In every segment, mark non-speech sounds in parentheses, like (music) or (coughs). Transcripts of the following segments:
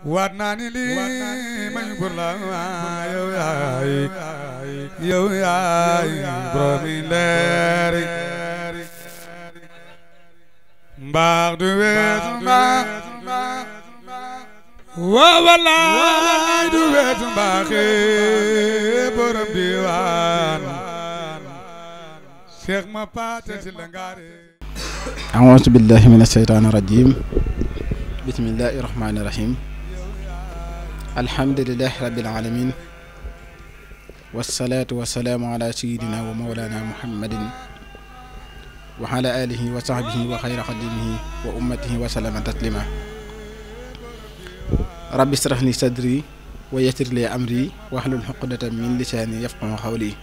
waat naa ni lii mañ góor la yow yaay yow yaay boromi leer mbaax du weesu mbaax waa wallaay du weesu mbaaxe borom diwaan Cheikh ma paate ci la ngaare a'uuzu billahi mina shaytaani rajiim bismillahi rahmaani rahiim الحمد لله رب العالمين والصلاة والسلام على سيدنا ومولانا محمد وعلى آله وصحبه وخير خدمه وأمته وسلم تسليما رب اشرح لي صدري ويسر لي أمري واحلل عقدة من لساني يفقه قولي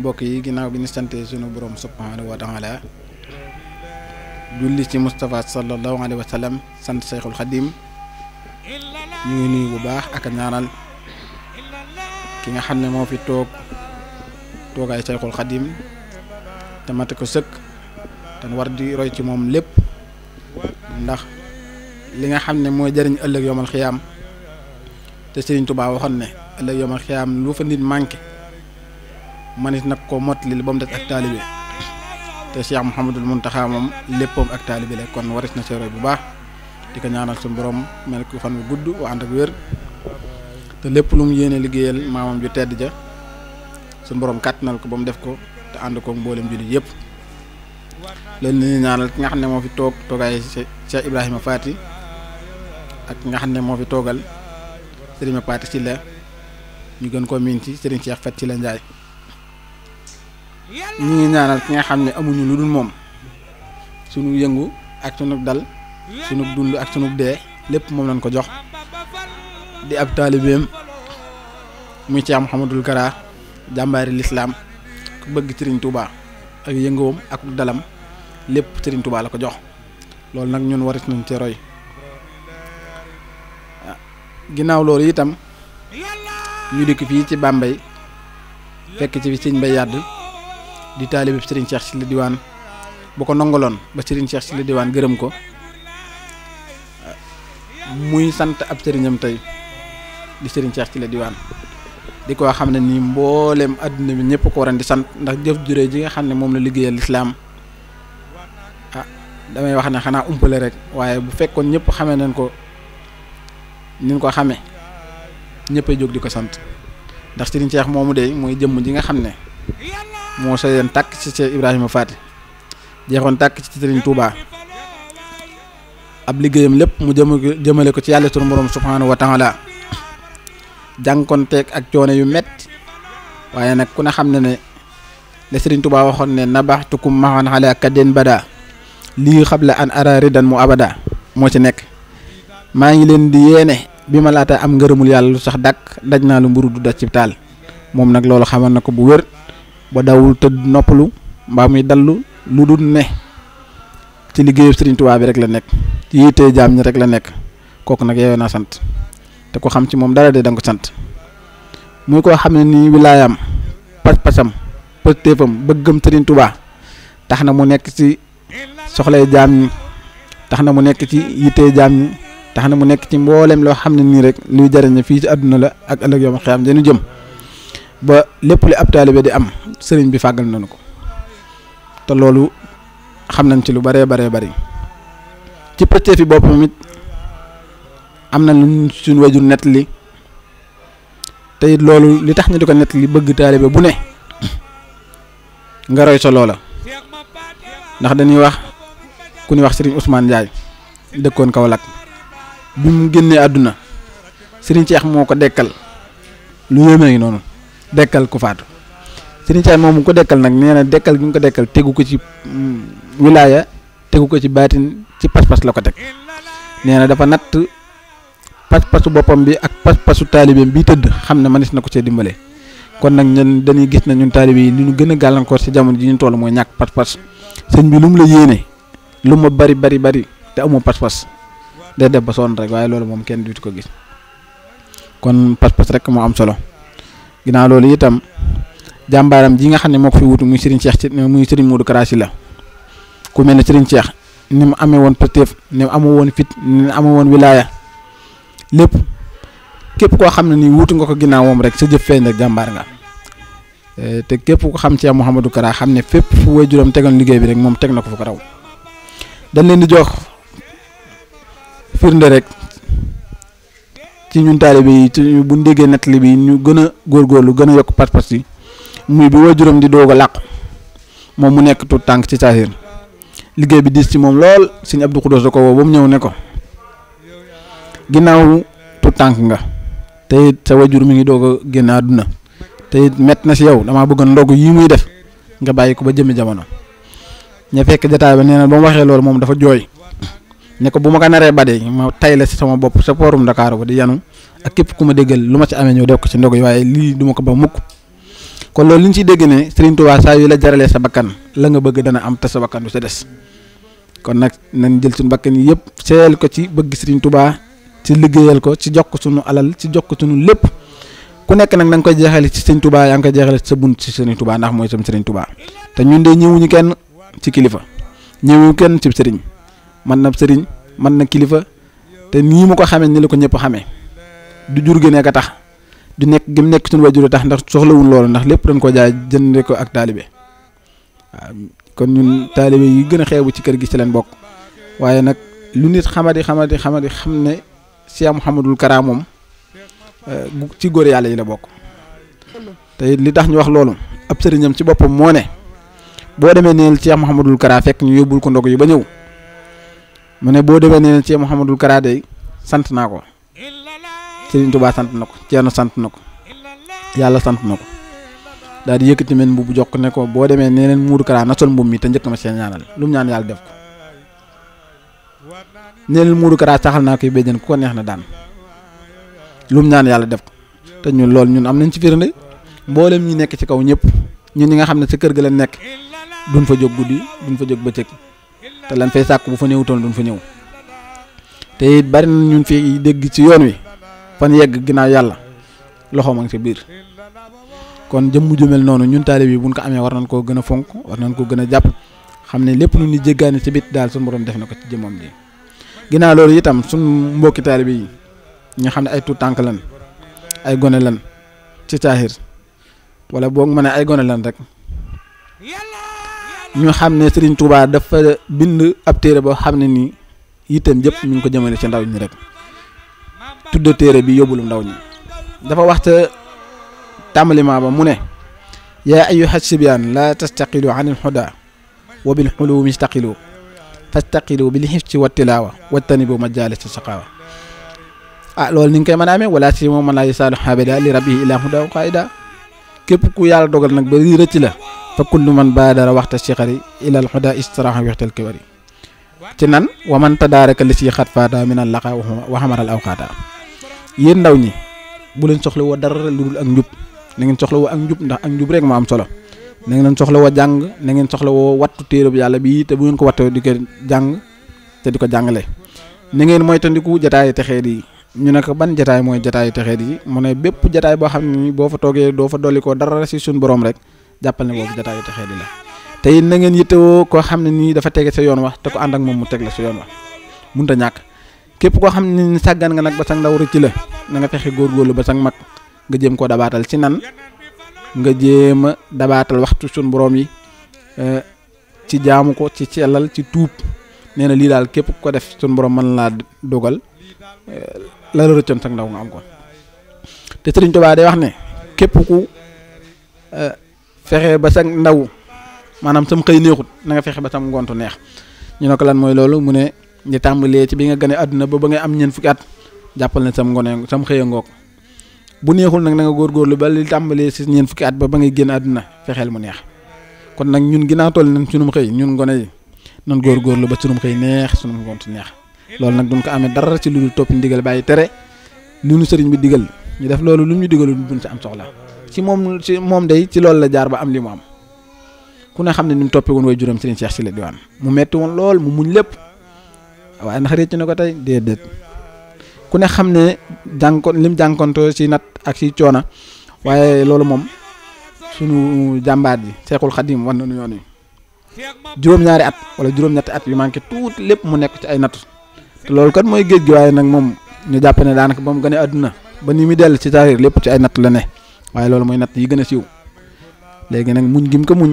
بوكي غيناو بي bi سونو بروم سبحانه وتعالى جولي سي مصطفى صلى الله عليه وسلم سنت شيخ الخديم ñu ngi nuyu bu baax ak a ñaanal ki nga xam ne moo fi toog toogaay Sayxul Xadim te mate ko sëkk te war di roy ci moom lépp ndax li nga xam ne mooy jëriñ ëllëg yomal xiyaam te Serigne Touba waxoon ne ëllëg yomal xiyaam lu fa nit manqué manit nag koo mottali ba mu des ak taalibe te Cheikh mun taxaa moom léppam ak taalibe la kon waris na see roy bu baax. di ko ñaanal suñu borom mel ko fan bu gudd wa and ak wër te lepp lu mu yene liggéeyal mamam ju tedd ja suñu borom katnal ko bam def ko te and ko mbolam jullit yëpp loolu la ñaanal nga xamne mo fi toog toogaay Cheikh Ibrahima fati ak nga xamne mo fi togal Serigne ci le ñu gën ko miin ci Serigne Cheikh Faty ci la ndjay ñi ñaanal nga xamne amuñu lu dul sunu yëngu ak sunu dal. sunu dund ak sunu dee lépp moom lañ ko jox di ab taalibeem muy ci am Muhammadul Kara jàmbaari lislaam ku bëgg Sëriñ Tuubaa ak yëngoom ak dalam lépp Sëriñ Tuubaa la ko jox loolu nag ñun warit nañ ci roy ginnaaw loolu itam ñu dikk fii ci Bambey fekk ci fi Sëriñ Mbay Yàdd di taalibeeb Sëriñ Cheikh Sylla Diwaan bu ko nongaloon ba Sëriñ Cheikh Sylla Diwaan gërëm ko muy sant ab sëriñam tey di sëriñ Cheikh la Diwaan di ko xam ne nii mboolem àdduna bi ñëpp ko waran di sant ndax jëf jure ji nga xam ne moom la liggéeyal lislaam ah damay wax ne xanaa umpale rek waaye bu fekkoon ñëpp xamee nañ ko niñ ko xamee ñëppay jóg di ko sant ndax sëriñ Cheikh moomu de mooy jëmm ji nga xam ne moo sooy leen tàkk ci Cheikh Ibrahima Faty jeexoon tàkk ci sëriñ tuubaa ab liggéeyam lepp mu jëm jëmale ko ci yalla sunu morom subhanahu wa taala jankonté ak cione yu met waye nak ku ne xam ne ne la Sëriñ Tuubaa waxoon ne bada li khabla an ara ridan mu abada mo ci nek ma ngi len di yene bima lata am ngeerumul yalla lu sax dak dajna lu mburu du ci xamal nako bu ba dawul te noppalu muy ne ci liggéeyu Serigne Touba bi rek la nekk ci yitte jaam ñi rek la nekk kooku nag yeewee naa sant te ko xam ci moom dara de da nga ko sant muy koo xam ne nii wilaayaam pas-pasam pëstéefam bëggam Serigne tubaa tax na mu nekk ci soxlay jaam ñi tax na mu nekk ci yitte jaam tax na mu nekk ci mboolem loo xam ne nii rek luy jariñ fii ci àdduna la ak ëllëg yoom xiyam dañu jëm ba lépp li ab taalibe di am sëriñ bi fàggal nañu ko te loolu xam nañ ci lu bare bare bari ci pëccee fi bop it am na lu suñu wajur nett li li tax ñu di netli bëgg talibé bu ne (coughs) nga roy sa loola ndax dañuy wax ku ñuy wax Serigne Ousmane ndjay dekkon kawlak bi mu génné aduna. Serigne Cheikh moko ko dekkal lu yéme ngi nonu dekkal ku faatu Serigne Thiam mom ko dekkal nak neena dekal dekkal gi ngi ko dekkal teggu ko ci mm, wilaya teggu ko ci batin ci pas pass lako tek neena dafa nat pas-pasu bopam bi ak pas-pasu taalibeem bi teud xam manis na ko dimbalé kon nang ñen dañuy gis na ñun taalibe yi ñu gëna galan ko ci jamono ji ñu toll moy ñak pas-pas sëñ bi lum la bari bari bari te amu pas-pas da def ba son rek waye lolu mom kenn duut ko gis kon pas-pas rek mo am solo ginnaaw lolu itam. jàmbaaram ji nga xam ne moo ko fi wutu muy Serigne Cheikh ci muy Serigne Modou Kara Sylla ku mel ne Serigne Cheikh ni mu amee woon pëteef ni mu amoo woon fit ni mu amoo woon wilaaya lépp képp koo xam ne nii wuutu nga ko moom rek sa jëf feeñ rek jàmbaar nga eh, te képp ko xam Cheikh Mouhamadou Kara xam ne fépp fu way juróom tegal liggéey bi rek moom teg na ko fu ko raw dañ leen di jox firnde rek ci ñun taalibe yi bu ñu déggee nettali bi ñu gën a góorgóorlu gën a yokk pas muy bi wajuram di doog a làqu moom mu nekk tuut tànk ci saahir liggéey bi diis ci moom lool sëñ Abdou Khoudous da ko woo ba mu ñëw ne ko ginnaaw tuut tànk nga te it sa wajur mi ngi doog a génn àdduna met na si yow damaa bëgg ndog yi muy def nga ba jamono ña fekk ba dafa jooy ne ko bu ko ma tay la sama bopp sa poorum Dakar ba di yanu ak képp ku ma déggal lu ma ci amee def ko ci ndog yi duma ko ba mukk kon linci liñ ci dégg né Serigne Touba sa yu la jaralé sa bakkan la nga bëgg dana am ta sa bakkan du sa dess kon nak nañ jël suñu bakkan yépp séel ko ci bëgg Serigne Touba ci liggéeyal ko ci jokk suñu alal ci jokk suñu lépp ku nekk nak nang koy jeexale ci Serigne Touba yang koy jeexale sa bunt ci Serigne Touba ndax moy sam Serigne Touba té ñun de ñëwuñu kenn ci kilifa ñëwuñu kenn ci Serigne man na Serigne man na kilifa té ni mu ko xamé ni la ko ñëpp xamé du jurgé né ka tax. di nekk gi mu nekk suñu wajur tax ndax soxlawul loolu ndax lépp dañ ko jaay jënde ko ak taalibe waaw kon ñun taalibe yi gën a xeebu ci kër gi ci leen bokk waaye nag lu nit xamadi xamadi xamadi xam ne si Cheikh Mouhamadul karaa moom euh, ci góor yàlla yi la bokk te li tax ñu wax loolu ab sëriñam ci boppam moo ne boo demee neel Cheikh Mouhamadul Kara fekk ñu yóbbul ko ba ñëw mu ne boo demee neel Cheikh Mouhamadul Kara day sant naa ko Serigne Touba sant na ko Thierno sant na ko yàlla sant na ko daal di yëkkati men bu jox ko ne ko boo demee nee neen Modou Kara na sol mbub mi te njëkk ma seen ñaanal lu ñaan yàlla def ko nee neen Modou Kara saxal ko neex na daan lu ñaan yàlla def ko te ñun loolu ñun am nañ ci firnde mboolem ñi nekk ci kaw ñëpp ñun ñi nga xam ne sa kër gi la nekk duñ fa jóg guddi duñ fa jóg bëccëg te lan fay sàkk bu fa ñëwutoon duñ fa ñëw te bari na ñun fi dégg ci yoon wi fan yegg ginnaaw yàlla loxo ma ngi ci biir kon jëmm ju mel noonu ñun taalib yi buñ ko amee war nañ koo gën a fonk war nañ koo gën a jàpp xam ne lépp lu ñu jéggaane ci bit daal suñu borom def na ko ci jëmmam ji ginnaaw loolu itam suñu mbokki taalib yi ñu xam ne ay tuut tànk lan ay gone lan ci caaxir wala boog ma ay gone lan rek ñu xam ne Serigne Touba dafa bind ab téere boo xam ne nii yitam jëpp ñu ngi ko jëmale ci ndaw ñi rek. tudde téere bi yóbbulu ndaw ñi dafa waxta tàmbalima ba mu ne yaa ayuha sibyaan laa tastaqilu an alhuda wa bilxuluumi istaqilu fastaqilu bil hifci wa tilaawa wajtanibu majaalis saqaawa ah loolu ni nga koy mën a amee wala si moom mën laa yisaalu xaabida li rabbihi ilaa huda qaida képp ku yàlla dogal nag ba rii rëcc la fa kullu man baadara waxta sixari ila alhuda istiraha waxtal kibari ci nan wa man tadaaraka li si xat faata min al laqa wa xamaral awqaata Yen ndaw ñi bu leen soxla wo dara lu dul ak njub na ngeen soxla wo ak njub ndax ak njub rek ma am solo na ngeen soxla wo jang na ngeen soxla wo wattu téereb yalla bi te bu ngeen ko watte di ko jang te di ko jàngale na ngeen moytandiku jataayu texeet yi ñu nak ko ban jataay mooy jataayu te yi mo ne bepp jotaay bo xamni bo fa toge do fa doli ko dara ci sun borom rek jappal ne boobu yi la te na ngeen yittewoo koo ko ne dafa tege sa yoon wax te ko and ak mom mu tegg la sa yoon wax munta ñak képp koo xam ni sàggan nga nag ba sag ndaw rëcc la nanga nga fexe góorgóorlu ba sag mag nga jëm koo dabaatal ci nan nga jéem a dabaatal waxtu suñ boroom yi eh, ci jaamu ko ci sellal ci tuub nee na lii daal képp ko def suñ boroom mën laa dogal eh, la la sag ndaw nga am ko te Sëriñ Tuubaa day wax ne képp ku eh, fexe ba sag ndaw maanaam sam xëy neexut na nga fexe ba sam ngontu neex ñu ne ko lan mooy loolu mu ne. ñu tàmbalee bi nga gane àdduna ba ba ngay am ñeent fukki at jàppal na sam ngone sam xëya ngoog bu neexul nag na nga góorgóorlu ba li tàmbalee si ñeent fukki at ba ba ngay génn àdduna fexeel mu neex kon nag ñun ginnaaw toll nañ sunum xëy ñun ngone yi nan góorgóorlu ba sunum xëy neex sunum ngont neex loolu nag duñ ko amee dara ci lu dul topp ndigal bàyyi tere lu nu sëriñ bi digal ñu def loolu lu ñu digalu duñ ci am soxla ci moom ci moom day ci loolu la jaar ba am li mu am ku ne xam ne ni mu toppee woon way juróom sëriñ Cheikh si la diwaan mu lool mu muñ lépp waaye ndax réccu na ko tey déedéet ku ne xam ne jànkoon lim jànkoonto ci nat ak ci coona waaye loolu moom sunu jàmbaar yi Seexul Xadim na nu yoon yi juróom-ñaari at wala juróom-ñetti at yu manqué tuuti lépp mu nekk ci ay natu te loolu kat mooy géej gi waaye nag moom ñu jàpp ne daanaka ba mu gën a àdduna ba ni muy dell ci taariir lépp ci ay natt la ne waaye loolu mooy natt yi gën a siiw léegi nag muñ gim ko muñ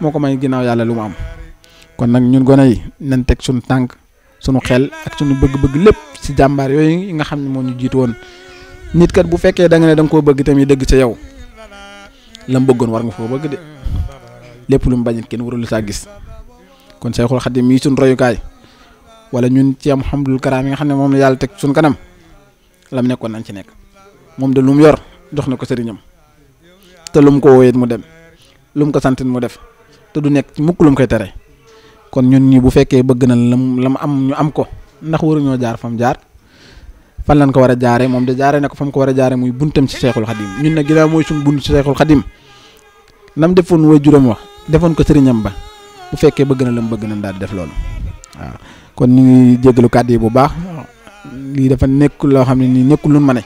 moo ko may ginnaaw yàlla lu mu am kon nag ñun gone yi nañ teg suñu tànk sunu xel ak sunu bëgg-bëgg lepp ci jàmbaar yooyu nga xam ne moo ñu jiitu woon nit kat bu fekkee da nga ne da nga koo bëgg tamit dëgg ca yow lam bëggoon war nga foo bëgg de lépp lu mu bañ kenn warul sa gis kon Seexul Xadim mii sunu royukaay wala ñun ci am Hamdul karam yi nga xam ne moom la yàlla teg sunu kanam lam nekkoon nañ ci nekk moom de lu mu yor jox na ko sëriñam te lu mu ko woowee mu dem lu mu ko santin mu def te du nekk ci mukk lu mu koy kon ñun ñi bu fekkee bëgg na la lam am ñu am ko ndax ñoo jaar fam jaar fan lan ko war a jaaree moom de jaaree na ko fam ko war a jaare muy buntam ci Seexul Xadim ñun nag ginnaaw mooy suñu bunt ci Seexul nam defoon way juróom wax defoon ko sëriñam ba bu fekkee bëgg na lam bëgg na daal def loolu kon ñu ngi jégalu kàddu yi bu baax lii dafa nekk loo xam ne nii nekkul lu ma ne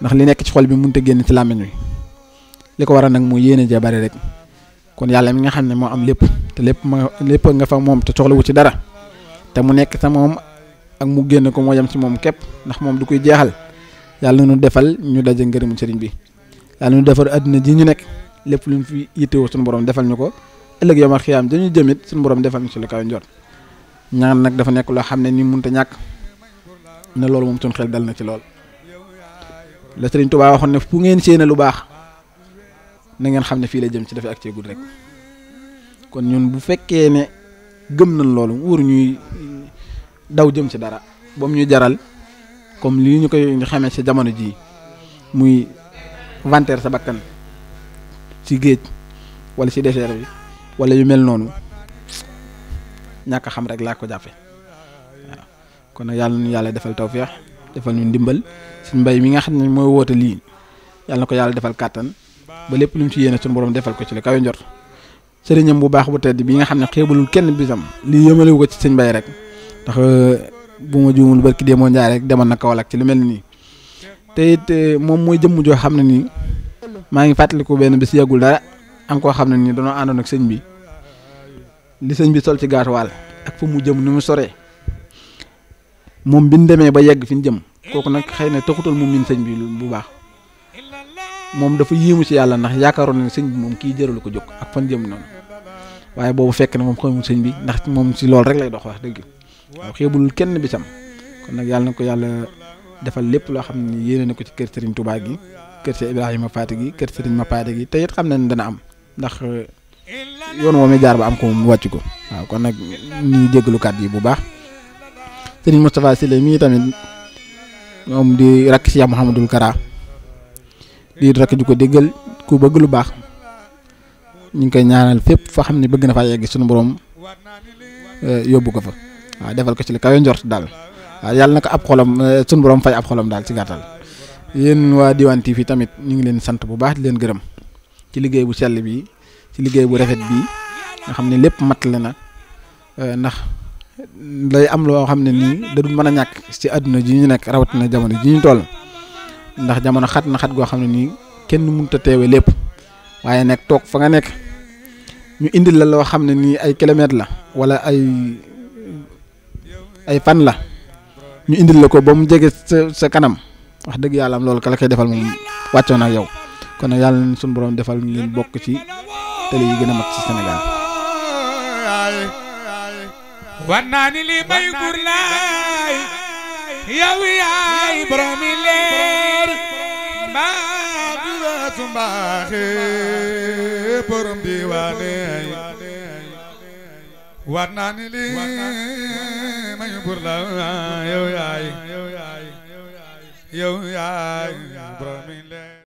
ndax li nekk ci xol bi mënut a génn ci làmmiñ wi li ko waral nag mu yéene jee bari rek. kon yàlla mi nga xam ne moo am lépp te lépp ma lépp nga fa moom te soxlawu ci dara te mu nekk sa moom ak mu génn ko moo yem ci moom képp ndax moom du koy jeexal yàlla nu defal ñu daje ngërëmu sëriñ bi yàlla nu àddina ji ñu nekk lépp luñ fi yittewoo suñu borom defal ñu ko ëllëg yomal xiyaam dañu jëmit suñu borom defal ñu ci lu kaw njot ñaan nag dafa nekk loo xam ne ni mënut a ñàkk ne loolu moom suñu xel dal na ci lool la sëriñ Tuubaa waxoon ne fu ngeen séene lu baax na ngeen xam ne fii la jëm ci dafay ak ceegul rek kon ñun bu fekkee ne gëm nañ loolu wóor ñuy daw jëm ci dara ba ñuy jaral comme lii ñu koy xamee ci jamono jii muy vanter sa bakkan ci géej wala ci désert bi wala yu mel noonu ñàkk xam rek laa ko jàppe waaw kon nag yàlla nu yàlla defal tawféex defal ñu ndimbal suñ mbay mi nga xam ne mooy woote lii yàlla ko yàlla defal kàttan ba lépp lu mu ci yéene suñu borom defal ko ci la kawe njort sëriñam bu baax bu tedd bi nga xam ne xeebalul kenn bisam lii yëmalewu ko ci sëñ Bay rek ndax euh, bu ma juumul barki dee moo njaay rek demal na Kaolack ci lu mel nii te it euh, moom mooy jëmm joo xam ne nii maa ngi fàttaliku benn bis yàggul dara am koo xam ne nii danoo àndoon ak sëñ bi li sëñ bi sol ci gaatuwaal ak fu mu jëm ni mu soree moom bi ñu demee ba yegg fi ñu jëm kooku nag xëy na taxutal mu miin sëñ bu baax moom dafa yéemu ci yàlla ndax yaakaaroon na sëñ bi moom kii jëralu ko jóg ak fan jëm noonu waaye boobu fekk na moom xamul sëñ bi ndax moom si loolu rek lay dox wax dëgg waaw xeebul kenn bisam kon nag yàlla na ko yàlla defal lépp loo xam ne yéene na ko ci kër Serigne Touba gi kër Ibrahima Fati gi kër Serigne Mapaate gi te it xam nañ dana am ndax uh, yoon woo mi jaar am ko mu wàcc ko waaw kon nag ñuy jégalu bu baax Serigne Moustapha Sylla mii tamit moom di rakk Cheikh Mouhamadul liit rek ju ko déggal ku bëgg lu baax ñu ngi koy ñaanal fépp fa xam ne bëgg na faa yegg suñu borom eh, yóbbu ko fa waaw defal ko ci li kawe njort daal waaw yàlla naka ab xolam eh, suñu borom fay ab xolam daal ci gàttal yéen waa diwan TV tamit ñu ngi leen sant bu baax di leen gërëm ci liggéey bu sell bi ci liggéey bu rafet bi nga xam ne lépp mat la na eh, ndax lay am loo xam ne nii da dul mën a ñàkk ci àdduna ji ñu nekk rawatina jamono ji ñu toll. ndax jamono xat na xat goo xam ne nii kenn mënut a teewe lépp waaye nag toog fa nga nekk ñu indil la loo xam ne nii ay kilomètres la wala ay ay fan la ñu indil la ko ba mu jege sa sa kanam wax dëgg yàlla am loolu ka la koy defal moom wàccoon ak yow kon nag yàlla suñ suñu borom defal ñu leen bokk ci télé yi gën a mag ci Sénégal. war lii bay gur laay yow yaay borom maa dula su mbaaxee borom di naa lii mayu bur la yow yaay yow yaay